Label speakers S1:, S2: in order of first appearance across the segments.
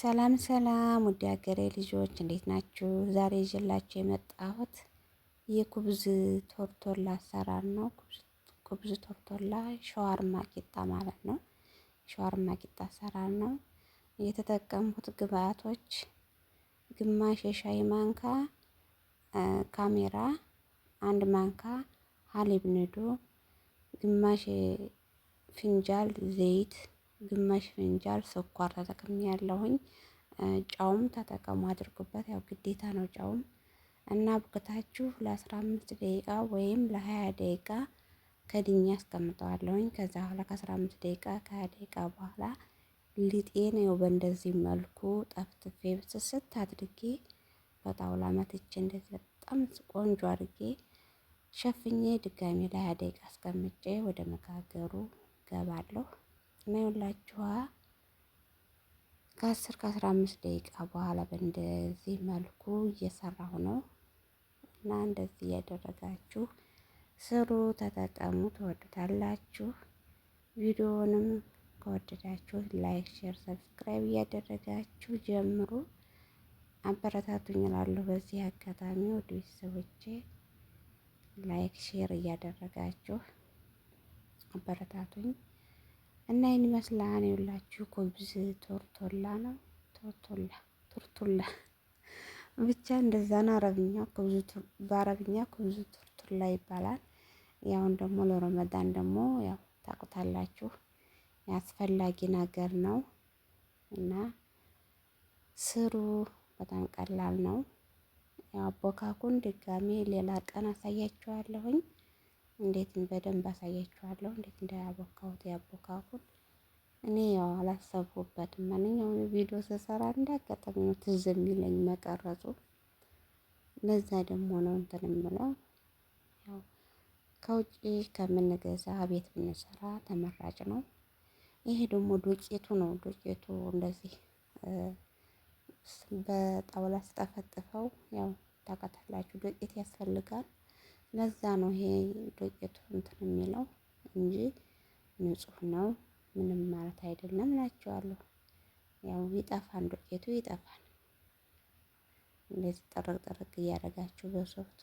S1: ሰላም ሰላም ውድ ሀገሬ ልጆች እንዴት ናችሁ? ዛሬ ይዤላችሁ የመጣሁት የኩብዝ ቶርቶላ አሰራር ነው። ኩብዝ ቶርቶላ ሸዋርማ ቂጣ ማለት ነው። ሸዋርማ ቂጣ አሰራር ነው። የተጠቀምኩት ግብአቶች ግማሽ የሻይ ማንካ ካሜራ፣ አንድ ማንካ ሀሊብ ንዱ፣ ግማሽ ፍንጃል ዘይት ግማሽ ፍንጃል ስኳር ተጠቅሜ ያለሁኝ። ጨውም ተጠቀሙ አድርጉበት። ያው ግዴታ ነው ጨውም እና አብቅታችሁ ለአስራ አምስት ደቂቃ ወይም ለሀያ ደቂቃ ከድኛ አስቀምጠዋለሁኝ። ከዛ በኋላ ከአስራ አምስት ደቂቃ ከሀያ ደቂቃ በኋላ ሊጤን ው በእንደዚህ መልኩ ጠፍጥፌ ብስስት አድርጌ በጣውላ መትቼ እንደዚህ በጣም ቆንጆ አድርጌ ሸፍኜ ድጋሚ ለሀያ ደቂቃ አስቀምጬ ወደ መጋገሩ ገባለሁ። እና ይኸውላችኋ ከአስር ከአስራ አምስት ደቂቃ በኋላ በእንደዚህ መልኩ እየሰራሁ ነው እና እንደዚህ እያደረጋችሁ ስሩ፣ ተጠቀሙ፣ ትወዱታላችሁ። ቪዲዮውንም ከወደዳችሁ ላይክ፣ ሼር፣ ሰብስክራይብ እያደረጋችሁ ጀምሩ፣ አበረታቱኝ እላለሁ። በዚህ አጋጣሚ ወደ ቤተሰቦቼ ላይክ፣ ሼር እያደረጋችሁ አበረታቱኝ። እና ይህን ይመስላል የውላችሁ ኮብዝ ቶርቶላ ነው። ቶርቶላ ቶርቶላ ብቻ እንደዛ ነው። አረብኛ ኮብዝ በአረብኛ ኮብዝ ቶርቶላ ይባላል። ያውን ደግሞ ለረመዳን ደግሞ ያው ታቁታላችሁ አስፈላጊ ነገር ነው እና ስሩ። በጣም ቀላል ነው። ያው አቦካኩን ድጋሜ ሌላ ቀን አሳያችኋለሁኝ። እንዴት በደንብ አሳያችኋለሁ። እንዴት እንዳያቦካሁት ያቦካኩን እኔ ያው አላሰብኩበትም። ማንኛውም ቪዲዮ ስሰራ እንዳጋጣሚ ነው ትዝ የሚለኝ መቀረጹ። ለዛ ደግሞ ነው እንትን የምለው ያው ከውጭ ከምንገዛ ቤት ብንሰራ ተመራጭ ነው። ይሄ ደግሞ ዱቄቱ ነው። ዱቄቱ እንደዚህ በጣውላ ስጠፈጥፈው ያው ታውቃታላችሁ ዱቄት ያስፈልጋል። ለዛ ነው ይሄ ዱቄቱ እንትን የሚለው እንጂ ንጹህ ነው ምንም ማለት አይደለም እላችኋለሁ። ያው ይጠፋን ዱቄቱ ይጠፋን። እንዴት ጠረቅ ጠረቅ እያደረጋችሁ በሶፍት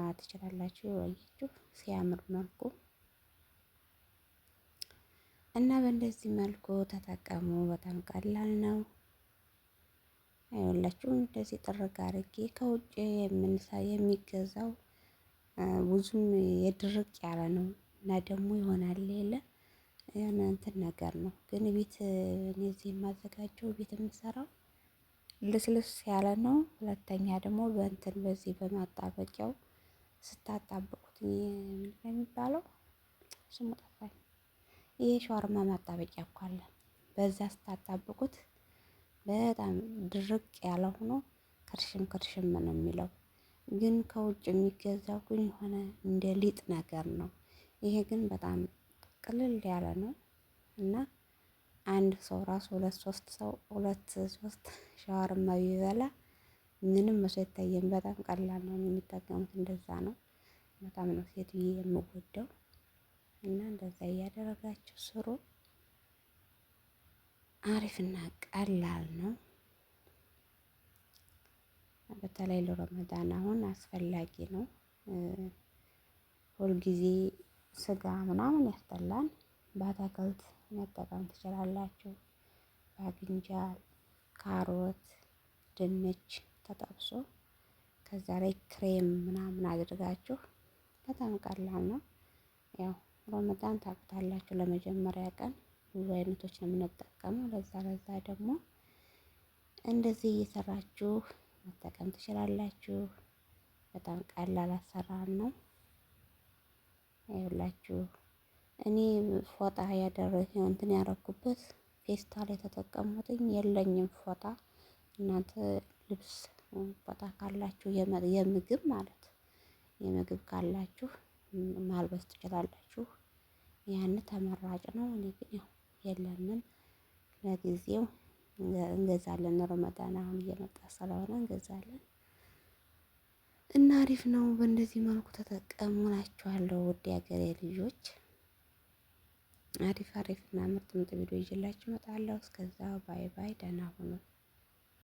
S1: ማለት ትችላላችሁ። ይወያችሁ ሲያምር መልኩ እና በእንደዚህ መልኩ ተጠቀሙ። በጣም ቀላል ነው። ይኸውላችሁ እንደዚህ ጥርግ አድርጌ ከውጭ የምንሳ የሚገዛው ብዙም የድርቅ ያለ ነው እና ደግሞ ይሆናል የለ የሆነ እንትን ነገር ነው። ግን ቤት እነዚህ የማዘጋጀው ቤት የምሰራው ልስልስ ያለ ነው። ሁለተኛ ደግሞ በእንትን በዚህ በማጣበቂያው ስታጣብቁት የሚባለው ስሙ ጠፋኝ። ይሄ ሸዋርማ ማጣበቂያ እኮ አለ። በዛ ስታጣብቁት በጣም ድርቅ ያለ ሆኖ ከርሽም ከርሽም ነው የሚለው። ግን ከውጭ የሚገዛው ግን የሆነ እንደ ሊጥ ነገር ነው። ይሄ ግን በጣም ቅልል ያለ ነው እና አንድ ሰው ራሱ ሁለት ሶስት ሰው ሁለት ሶስት ሻወርማ ቢበላ ምንም መስሎ አይታየም። በጣም ቀላል ነው የሚጠቀሙት። እንደዛ ነው። በጣም ነው ሴትዬ የምወደው እና እንደዛ እያደረጋችሁ ስሩ። አሪፍና ቀላል ነው። በተለይ ለረመዳን አሁን አስፈላጊ ነው። ሁልጊዜ ስጋ ምናምን ያስጠላል። በአትክልት መጠቀም ትችላላችሁ። ባግንጃል ካሮት፣ ድንች ተጠብሶ ከዛ ላይ ክሬም ምናምን አድርጋችሁ በጣም ቀላል ነው። ያው ረመዳን ታቁታላችሁ ለመጀመሪያ ቀን ብዙ አይነቶች ነው የምንጠቀመው። ለዛ ለዛ ደግሞ እንደዚህ እየሰራችሁ መጠቀም ትችላላችሁ። በጣም ቀላል አሰራር ነው። ይኸውላችሁ እኔ ፎጣ ያደረግ እንትን ያረኩበት ፌስታል የተጠቀሙትኝ የለኝም ፎጣ። እናንተ ልብስ ፎጣ ካላችሁ የምግብ ማለት የምግብ ካላችሁ ማልበስ ትችላላችሁ። ያን ተመራጭ ነው። እኔ ግን ያው የለንም። ለጊዜው እንገዛለን ረመዳን አሁን እየመጣ ስለሆነ እንገዛለን። እና አሪፍ ነው። በእንደዚህ መልኩ ተጠቀሙ እላችኋለሁ ውድ የሀገሬ ልጆች። አሪፍ አሪፍ እና ምርጥ ምርጥ ቪዲዮ ይዤላችሁ እመጣለሁ። እስከዛ ባይ ባይ፣ ደህና ሁኑ።